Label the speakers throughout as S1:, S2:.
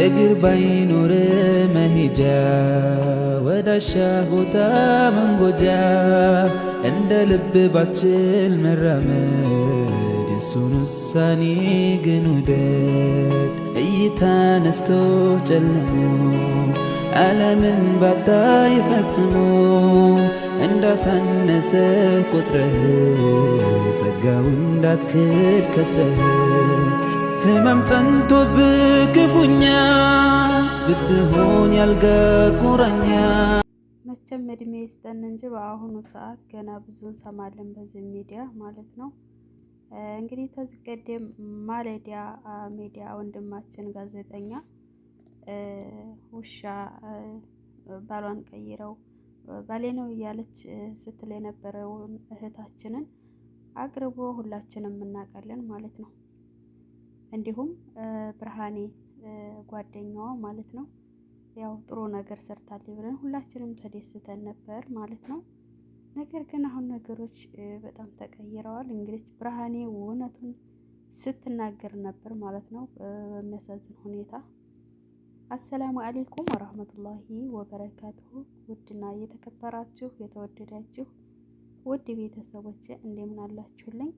S1: እግር ባይኖር መሄጃ ወዳሻ ቦታ መንጎጃ እንደ ልብ ባችል መራመድ የሱን ውሳኔ ግን ውደድ እይታ ነስቶ ጨልሞ ዓለምን ባታ ይፈጽሞ እንዳሳነሰ ቁጥረህ ጸጋው እንዳትክድ ከስረህ ህመም ጸንቶብህ ክፉኛ ብትሆን ያልጋ
S2: መቼም እድሜ ይስጠን እንጂ በአሁኑ ሰዓት ገና ብዙ እንሰማለን በዚህ ሚዲያ ማለት ነው። እንግዲህ ከዚህ ቀደም ማለዲያ ሚዲያ ወንድማችን ጋዜጠኛ ውሻ ባሏን ቀይረው ባሌ ነው እያለች ስትል የነበረውን እህታችንን አቅርቦ ሁላችንም እናውቃለን ማለት ነው። እንዲሁም ብርሃኔ ጓደኛዋ ማለት ነው ያው ጥሩ ነገር ሰርታለች ብለን ሁላችንም ተደስተን ነበር ማለት ነው። ነገር ግን አሁን ነገሮች በጣም ተቀይረዋል። እንግዲህ ብርሃኔ እውነቱን ስትናገር ነበር ማለት ነው በሚያሳዝን ሁኔታ። አሰላሙ አሌይኩም ወራህመቱላሂ ወበረካቱሁ። ውድና እየተከበራችሁ የተወደዳችሁ ውድ ቤተሰቦች እንደምን አላችሁልኝ?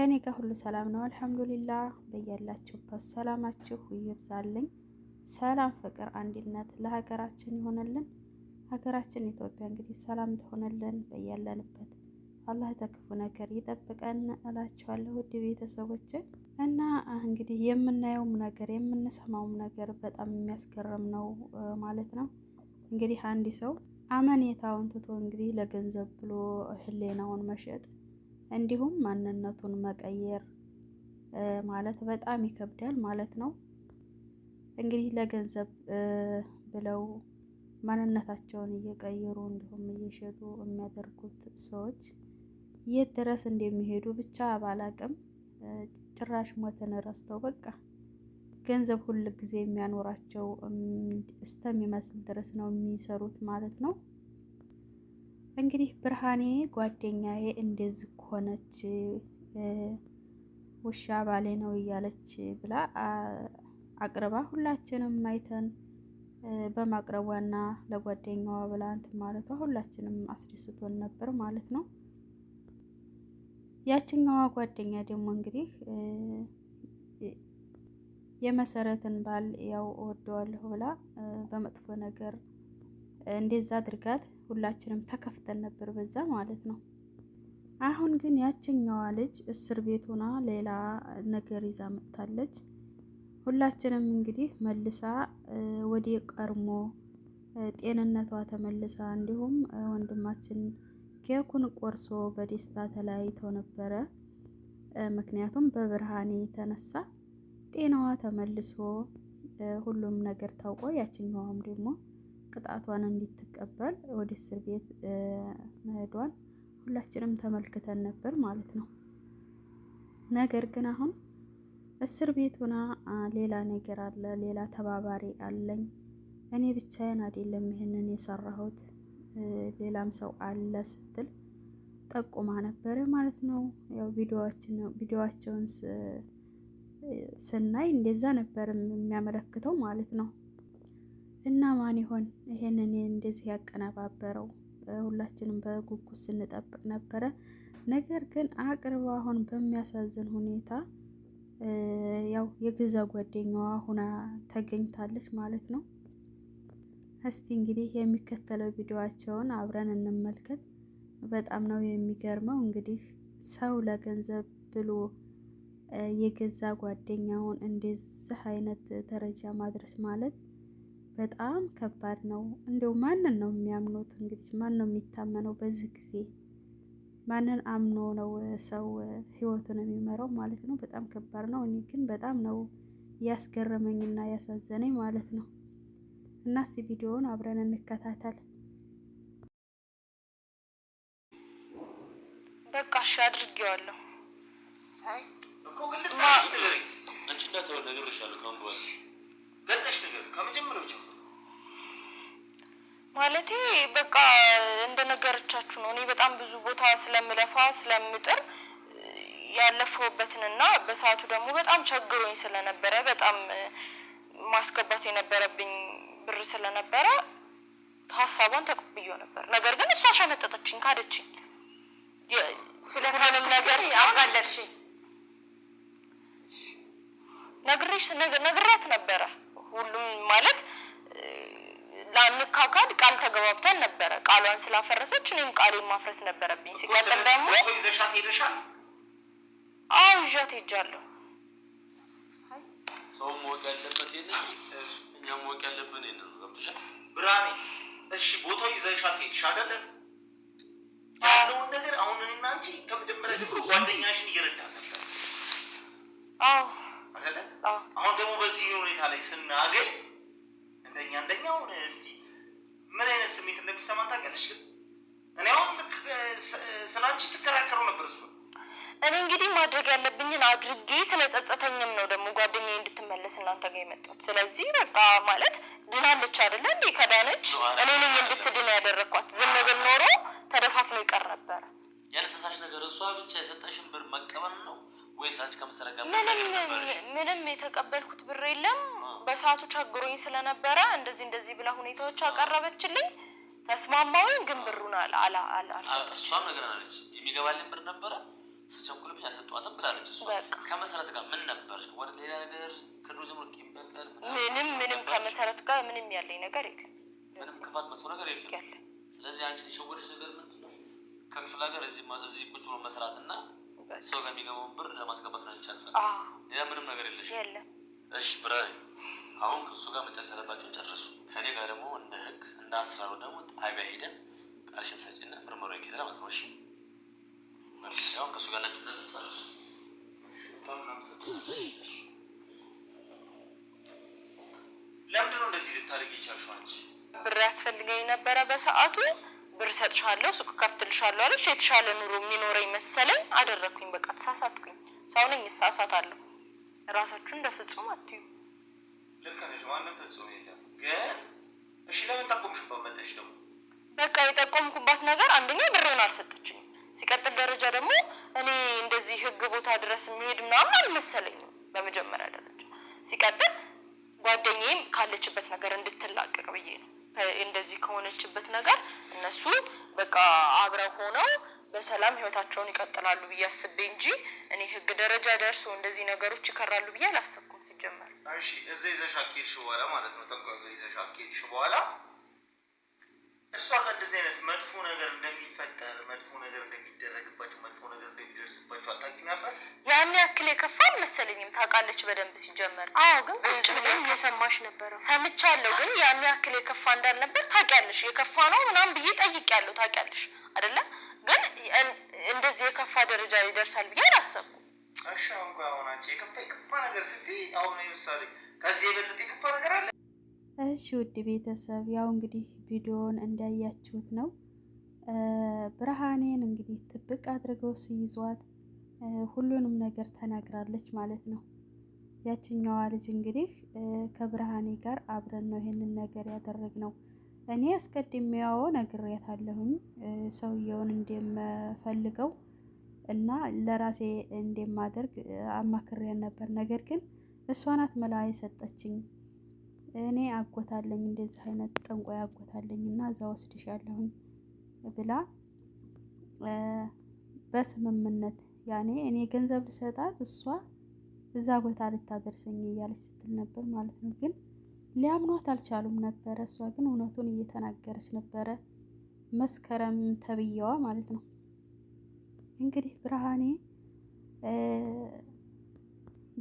S2: ከኔ ጋር ሁሉ ሰላም ነው አልሐምዱሊላ። በያላችሁበት ሰላማችሁ ይብዛልኝ። ሰላም፣ ፍቅር፣ አንድነት ለሀገራችን ይሆነልን። ሀገራችን ኢትዮጵያ እንግዲህ ሰላም ትሆነልን። በያለንበት አላህ ተክፉ ነገር ይጠብቀን እላችኋለሁ ውድ ቤተሰቦች እና እንግዲህ የምናየውም ነገር የምንሰማውም ነገር በጣም የሚያስገርም ነው ማለት ነው። እንግዲህ አንድ ሰው አመኔታውን ትቶ እንግዲህ ለገንዘብ ብሎ ህሌናውን መሸጥ እንዲሁም ማንነቱን መቀየር ማለት በጣም ይከብዳል ማለት ነው። እንግዲህ ለገንዘብ ብለው ማንነታቸውን እየቀየሩ እንዲሁም እየሸጡ የሚያደርጉት ሰዎች የት ድረስ እንደሚሄዱ ብቻ ባላቅም ጭራሽ ሞትን ረስተው በቃ ገንዘብ ሁል ጊዜ የሚያኖራቸው እስከሚመስል ድረስ ነው የሚሰሩት ማለት ነው። እንግዲህ ብርሃኔ ጓደኛዬ እንደዚህ ሆነች ውሻ ባሌ ነው እያለች ብላ አቅርባ ሁላችንም አይተን በማቅረቧና ለጓደኛዋ ብላ እንትን ማለቷ ሁላችንም አስደስቶን ነበር ማለት ነው። ያችኛዋ ጓደኛ ደግሞ እንግዲህ የመሰረትን ባል ያው እወደዋለሁ ብላ በመጥፎ ነገር እንደዛ አድርጋት ሁላችንም ተከፍተን ነበር በዛ ማለት ነው። አሁን ግን ያችኛዋ ልጅ እስር ቤት ሆና ሌላ ነገር ይዛ መጥታለች። ሁላችንም እንግዲህ መልሳ ወደ ቀድሞ ጤንነቷ ተመልሳ እንዲሁም ወንድማችን ኬኩን ቆርሶ በደስታ ተለያይተው ነበረ። ምክንያቱም በብርሃኔ የተነሳ ጤናዋ ተመልሶ ሁሉም ነገር ታውቆ ያችኛዋም ደግሞ ቅጣቷን እንድትቀበል ወደ እስር ቤት መሄዷን ሁላችንም ተመልክተን ነበር ማለት ነው። ነገር ግን አሁን እስር ቤት ሆና ሌላ ነገር አለ፣ ሌላ ተባባሪ አለኝ። እኔ ብቻዬን አይደለም ይህንን የሰራሁት ሌላም ሰው አለ ስትል ጠቁማ ነበር ማለት ነው። ያው ቪዲዮዋቸውን ስናይ እንደዛ ነበር የሚያመለክተው ማለት ነው። እና ማን ይሆን ይሄንን እንደዚህ ያቀነባበረው? ሁላችንም በጉጉት ስንጠብቅ ነበረ። ነገር ግን አቅርባ አሁን በሚያሳዝን ሁኔታ ያው የገዛ ጓደኛዋ ሁና ተገኝታለች ማለት ነው። እስቲ እንግዲህ የሚከተለው ቪዲዮዋቸውን አብረን እንመልከት። በጣም ነው የሚገርመው። እንግዲህ ሰው ለገንዘብ ብሎ የገዛ ጓደኛውን እንደዚህ አይነት ደረጃ ማድረስ ማለት በጣም ከባድ ነው። እንደው ማንን ነው የሚያምኑት? እንግዲህ ማን ነው የሚታመነው በዚህ ጊዜ? ማንን አምኖ ነው ሰው ህይወቱን የሚመራው ማለት ነው? በጣም ከባድ ነው። እኔ ግን በጣም ነው ያስገረመኝና ያሳዘነኝ ማለት ነው። እና እናስ ቪዲዮውን አብረን እንከታተል።
S3: በቃ እሺ አድርጌዋለሁ።
S4: አንቺ እንዳትወል ነግሬሻለሁ። ከመጀመሪያው
S3: ማለቴ በቃ እንደነገረቻችሁ ነው። እኔ በጣም ብዙ ቦታ ስለምለፋ ስለምጥር ያለፈውበትንና በሰዓቱ ደግሞ በጣም ቸግሮኝ ስለነበረ በጣም ማስገባት የነበረብኝ ብር ስለነበረ ሀሳቧን ተቀብዬ ነበር። ነገር ግን እሷ ሸመጠጠችኝ፣ ካደችኝ።
S5: ስለምንም ነገር አጋለጥሽኝ
S3: ነግሬሽ ነግሬያት ነበረ ለመካካድ ቃል ተገባብተን ነበረ። ቃሏን ስላፈረሰች እኔም ቃሌ ማፍረስ ነበረብኝ። ሲቀጥል ደግሞ
S4: ይዘሻት ሄደሻል?
S3: አዎ ይዣት ሄጃለሁ።
S4: ሰው ማወቅ ያለበት የለ እኛም ማወቅ ያለብን የለ ነው። ገብቶሻል እሺ ቦታው ይዘሻት ሄድሽ አደለ? ያለውን ነገር አሁን እኔና አንቺ ከመጀመሪያ ጀምሮ ጓደኛሽን እየረዳ ነበር። አዎ አሁን ደግሞ በዚህ ሁኔታ ላይ ስናገኝ እንደኛ እንደኛ ሆነ እስቲ ምን አይነት ስሜት እንደሚሰማን ታውቂያለሽ? ግን እኔ አሁን ልክ ስለ አንቺ ስከራከረው ነበር እሱ
S3: እኔ እንግዲህ ማድረግ ያለብኝን አድርጌ ስለ ጸጸተኝም ነው ደግሞ ጓደኛ እንድትመለስ እናንተ ጋር የመጣሁት። ስለዚህ በቃ ማለት ድናለች አይደለ እንዴ? ከዳነች እኔ ነኝ እንድትድን ያደረግኳት። ዝም ብል ኖሮ ተደፋፍኖ ይቀር ነበር።
S4: ያነሳሳሽ ነገር እሷ ብቻ የሰጠሽን ብር መቀበል ነው ወይስ አንቺ ከምትረጋ
S3: ምንም ምንም የተቀበልኩት ብር የለም በሰዓቱ ቸግሮኝ ስለነበረ እንደዚህ እንደዚህ ብላ ሁኔታዎች አቀረበችልኝ። ተስማማሁኝ፣ ግን ብሩን አላ
S4: እሷም ነግረናለች። የሚገባልን ብር ነበረ ስቸኩልብኝ አልሰጠኋትም ብላለች። እሷ ከመሰረት ጋር ምን ነበር ወደ ሌላ ነገር ከድሮ ጀምሮ ቂም
S3: ምንም ምንም ከመሰረት ጋር ምንም ያለኝ ነገር የለም።
S4: ምንም ክፋት መጥፎ ነገር የለም። ስለዚህ አንቺ የሸወደች ነገር ምንድን ነው? ከክፍለ ሀገር እዚህ ቁጭ ብሎ መስራት እና ሰው ጋር የሚገባውን ብር ለማስገባት ነው። ሌላ ምንም ነገር የለሽ። እሺ ብራ አሁን ከእሱ ጋር መጨረስ ያለባቸውን ጨርሱ። ከኔ ጋር ደግሞ እንደ ህግ እንደ አስራሩ ደግሞ ጣቢያ ሄደን ቃልሽን ሰጪና ምርመሮ ይኬዳል ማለት ነው። እሺ ሁን ከእሱ ጋር ናቸው ጨርሱ። ለምንድነው እንደዚህ ልታደርግ የቻልሽው አንቺ?
S3: ብር ያስፈልገኝ ነበረ በሰዓቱ ብር ሰጥሻለሁ፣ ሱቅ ከፍትልሻለሁ አለች። የተሻለ ኑሮ የሚኖረኝ መሰለኝ አደረግኩኝ። በቃ ተሳሳትኩኝ። ሰው ነኝ፣ እሳሳታለሁ። ራሳችሁ እንደ ፍጹም አትዩ።
S4: ልክ ነሽ። ማንም ፍጹም የለም። ግን እሺ፣ ለምን ጠቆምሽባት መጠሽ? ደግሞ
S3: በቃ የጠቆምኩባት ነገር አንደኛ ብሬን አልሰጠችኝም። ሲቀጥል ደረጃ ደግሞ እኔ እንደዚህ ህግ ቦታ ድረስ የሚሄድ ምናምን አልመሰለኝም በመጀመሪያ ደረጃ። ሲቀጥል ጓደኛዬም ካለችበት ነገር እንድትላቀቅ ብዬ ነው። እንደዚህ ከሆነችበት ነገር እነሱ በቃ አብረው ሆነው በሰላም ህይወታቸውን ይቀጥላሉ ብዬ አስቤ እንጂ እኔ ህግ ደረጃ ደርሶ እንደዚህ ነገሮች ይከራሉ ብዬ አላሰብኩም።
S4: እሺ እዛ ይዘሽ አኬድሽ በኋላ ማለት ነው ጠንቋይ ይዘሽ አኬድሽ በኋላ እሷ አይነት መጥፎ ነገር እንደሚፈጠር መጥፎ ነገር እንደሚደረግባቸው መጥፎ ነገር እንደሚደርስባቸው አታውቂ ነበር።
S3: ያን ያክል የከፋ አልመሰለኝም። ታውቃለች በደንብ ሲጀመር። አዎ፣ ግን ቁጭ ብለን እየሰማሽ ነበረ። ሰምቻለሁ፣ ግን ያን ያክል የከፋ እንዳልነበር ታውቂያለሽ። የከፋ ነው ምናምን ብዬ ጠይቄያለሁ። ታውቂያለሽ አይደለም? ግን እንደዚህ የከፋ ደረጃ ይደርሳል ብዬ
S4: እሺ የከፋ የከፋ ነገር ስትይ አሁን ከዚህ የበለጠ የከፋ ነገር አለ?
S2: እሺ ውድ ቤተሰብ ያው እንግዲህ ቪዲዮውን እንዳያችሁት ነው። ብርሃኔን እንግዲህ ጥብቅ አድርገው ሲይዟት ሁሉንም ነገር ተናግራለች ማለት ነው። ያችኛዋ ልጅ እንግዲህ ከብርሃኔ ጋር አብረን ነው ይህንን ነገር ያደረግነው። እኔ አስቀድሜያው ነግሬያታለሁኝ ሰውየውን እንደምፈልገው እና ለራሴ እንደማደርግ አማክሬን ነበር። ነገር ግን እሷ ናት መላ የሰጠችኝ። እኔ አጎታለኝ እንደዚህ አይነት ጠንቋይ አጎታለኝ እና እዛ ወስድሻለሁኝ ብላ በስምምነት ያኔ እኔ ገንዘብ ልሰጣት እሷ እዛ ቦታ ልታደርሰኝ እያለች ስትል ነበር ማለት ነው። ግን ሊያምኗት አልቻሉም ነበረ። እሷ ግን እውነቱን እየተናገረች ነበረ መስከረም ተብዬዋ ማለት ነው። እንግዲህ ብርሃኔ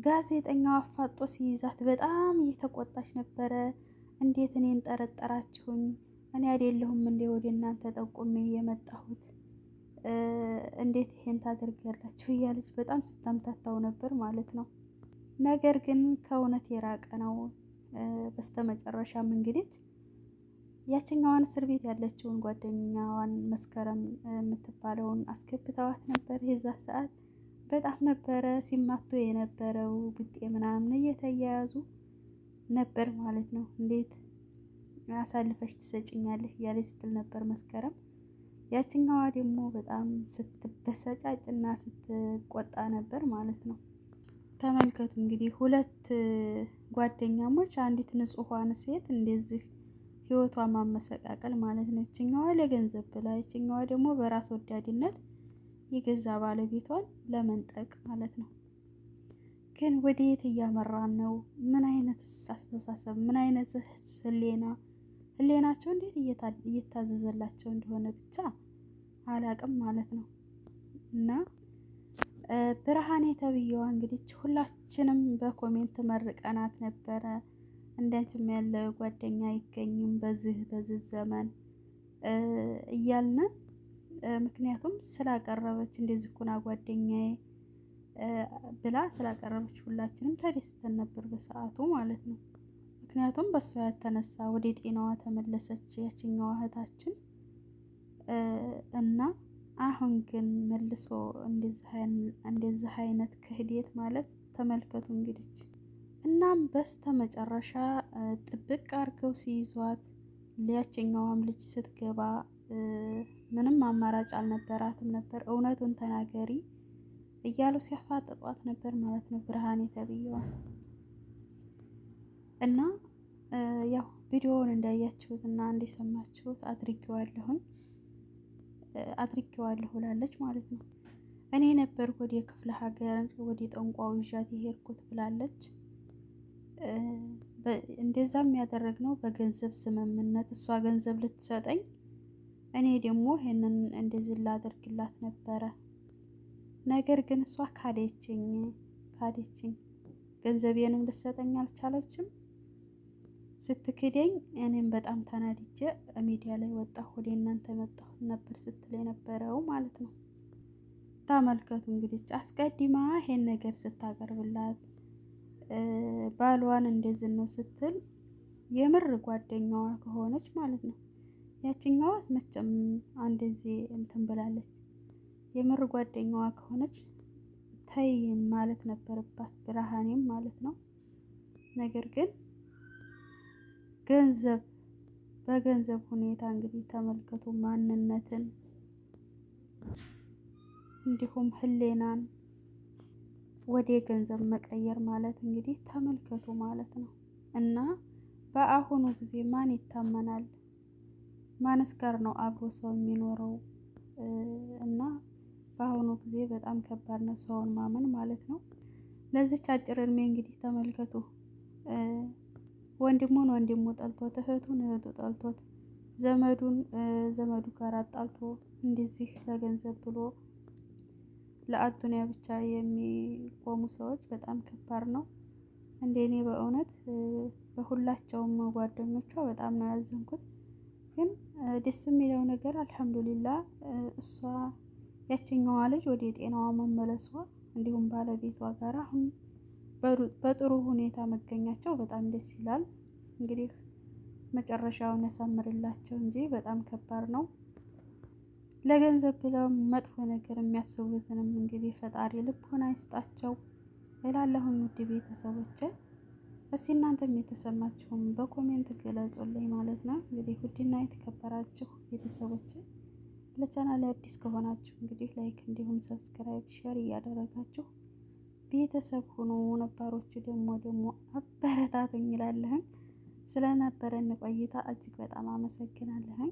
S2: ጋዜጠኛው አፋጦ ሲይዛት በጣም እየተቆጣች ነበረ። እንዴት እኔን ጠረጠራችሁኝ? እኔ አይደለሁም እንዴ ወደ እናንተ ጠቁሜ የመጣሁት? እንዴት ይሄን ታደርጋላችሁ? እያለች በጣም ስታምታታው ነበር ማለት ነው። ነገር ግን ከእውነት የራቀ ነው። በስተመጨረሻም እንግዲህ ያችኛዋን እስር ቤት ያለችውን ጓደኛዋን መስከረም የምትባለውን አስገብተዋት ነበር። የዛ ሰዓት በጣም ነበረ ሲማቱ የነበረው ብጤ ምናምን እየተያያዙ ነበር ማለት ነው። እንዴት አሳልፈሽ ትሰጭኛለሽ እያለ ስትል ነበር መስከረም። ያችኛዋ ደግሞ በጣም ስትበሰጫጭና ስትቆጣ ነበር ማለት ነው። ተመልከቱ እንግዲህ ሁለት ጓደኛሞች አንዲት ንጹሐን ሴት እንደዚህ ህይወቷ ማመሰቃቀል ማለት ነው። ይችኛዋ ለገንዘብ ብላ፣ ይችኛዋ ደግሞ በራስ ወዳድነት የገዛ ባለቤቷን ለመንጠቅ ማለት ነው። ግን ወደ የት እያመራን ነው? ምን አይነት አስተሳሰብ፣ ምን አይነት ህሌና ህሌናቸው እንዴት እየታዘዘላቸው እንደሆነ ብቻ አላቅም ማለት ነው። እና ብርሃኔ ተብዬዋ እንግዲህ ሁላችንም በኮሜንት መርቀናት ነበረ። እንዳንችም ያለ ጓደኛ አይገኝም በዚህ በዚህ ዘመን እያልን ምክንያቱም ስላቀረበች እንደዚህ ኩና ጓደኛዬ ብላ ስላቀረበች ሁላችንም ተደስተን ነበር በሰዓቱ ማለት ነው። ምክንያቱም በእሷ የተነሳ ወደ ጤናዋ ተመለሰች ያችኛዋ እህታችን እና አሁን ግን መልሶ እንደዚህ አይነት ክህደት ማለት ተመልከቱ እንግዲች እናም በስተመጨረሻ ጥብቅ አድርገው ሲይዟት ሊያችኛዋም ልጅ ስትገባ ምንም አማራጭ አልነበራትም ነበር። እውነቱን ተናገሪ እያሉ ሲያፋጥጧት ነበር ማለት ነው ብርሃን የተብየዋል እና ያው ቪዲዮውን እንዳያችሁት እና እንደሰማችሁት አድርጌዋለሁኝ አድርጌዋለሁ ብላለች ማለት ነው። እኔ ነበር ወደ ክፍለ ሀገር ወደ ጠንቋው ይዣት የሄድኩት ብላለች። እንደዛም ያደረግነው በገንዘብ ስምምነት እሷ ገንዘብ ልትሰጠኝ እኔ ደግሞ ይህንን እንደዚህ ላደርግላት ነበረ። ነገር ግን እሷ ካደችኝ ካደችኝ፣ ገንዘቤንም ልትሰጠኝ አልቻለችም። ስትክደኝ እኔም በጣም ተናድጄ ሚዲያ ላይ ወጣሁ። ወደ እናንተ መጣሁ ነበር ስትል የነበረው ማለት ነው። ተመልከቱ እንግዲህ አስቀድማ ይሄን ነገር ስታቀርብላት ባሏን እንደዚህ ነው ስትል የምር ጓደኛዋ ከሆነች ማለት ነው። ያችኛዋ መቼም አንደዚህ እንትን ብላለች። የምር ጓደኛዋ ከሆነች ተይ ማለት ነበረባት ብርሃኔም ማለት ነው። ነገር ግን ገንዘብ በገንዘብ ሁኔታ እንግዲህ ተመልከቱ ማንነትን እንዲሁም ህሌናን ወደ ገንዘብ መቀየር ማለት እንግዲህ ተመልከቱ ማለት ነው። እና በአሁኑ ጊዜ ማን ይታመናል? ማንስ ጋር ነው አብሮ ሰው የሚኖረው? እና በአሁኑ ጊዜ በጣም ከባድ ነው ሰውን ማመን ማለት ነው። ለዚች አጭር እድሜ እንግዲህ ተመልከቱ ወንድሙን ወንድሙ ጠልቶት፣ እህቱን እህቱ ጠልቶት፣ ዘመዱን ዘመዱ ጋር አጣልቶ እንደዚህ ለገንዘብ ብሎ ለአዱኒያ ብቻ የሚቆሙ ሰዎች በጣም ከባድ ነው። እንደ እኔ በእውነት በሁላቸውም ጓደኞቿ በጣም ነው ያዘንኩት። ግን ደስ የሚለው ነገር አልሐምዱሊላ እሷ ያችኛዋ ልጅ ወደ ጤናዋ መመለሷ እንዲሁም ባለቤቷ ጋር አሁን በጥሩ ሁኔታ መገኛቸው በጣም ደስ ይላል። እንግዲህ መጨረሻውን ያሳምርላቸው እንጂ በጣም ከባድ ነው። ለገንዘብ ብለው መጥፎ ነገር የሚያስቡትንም እንግዲህ ፈጣሪ ልቦና ይስጣቸው እላለሁኝ። ውድ ቤተሰቦች እስቲ እናንተም የተሰማችሁም በኮሜንት ገለጹልኝ ማለት ነው። እንግዲህ ውድና የተከበራችሁ ቤተሰቦቼ ለቻናል አዲስ ከሆናችሁ እንግዲህ ላይክ፣ እንዲሁም ሰብስክራይብ፣ ሼር እያደረጋችሁ ቤተሰብ ሆኖ ነባሮቹ ደግሞ ደግሞ አበረታቱኝ እላለሁኝ። ስለነበረን ቆይታ እጅግ በጣም አመሰግናለሁኝ።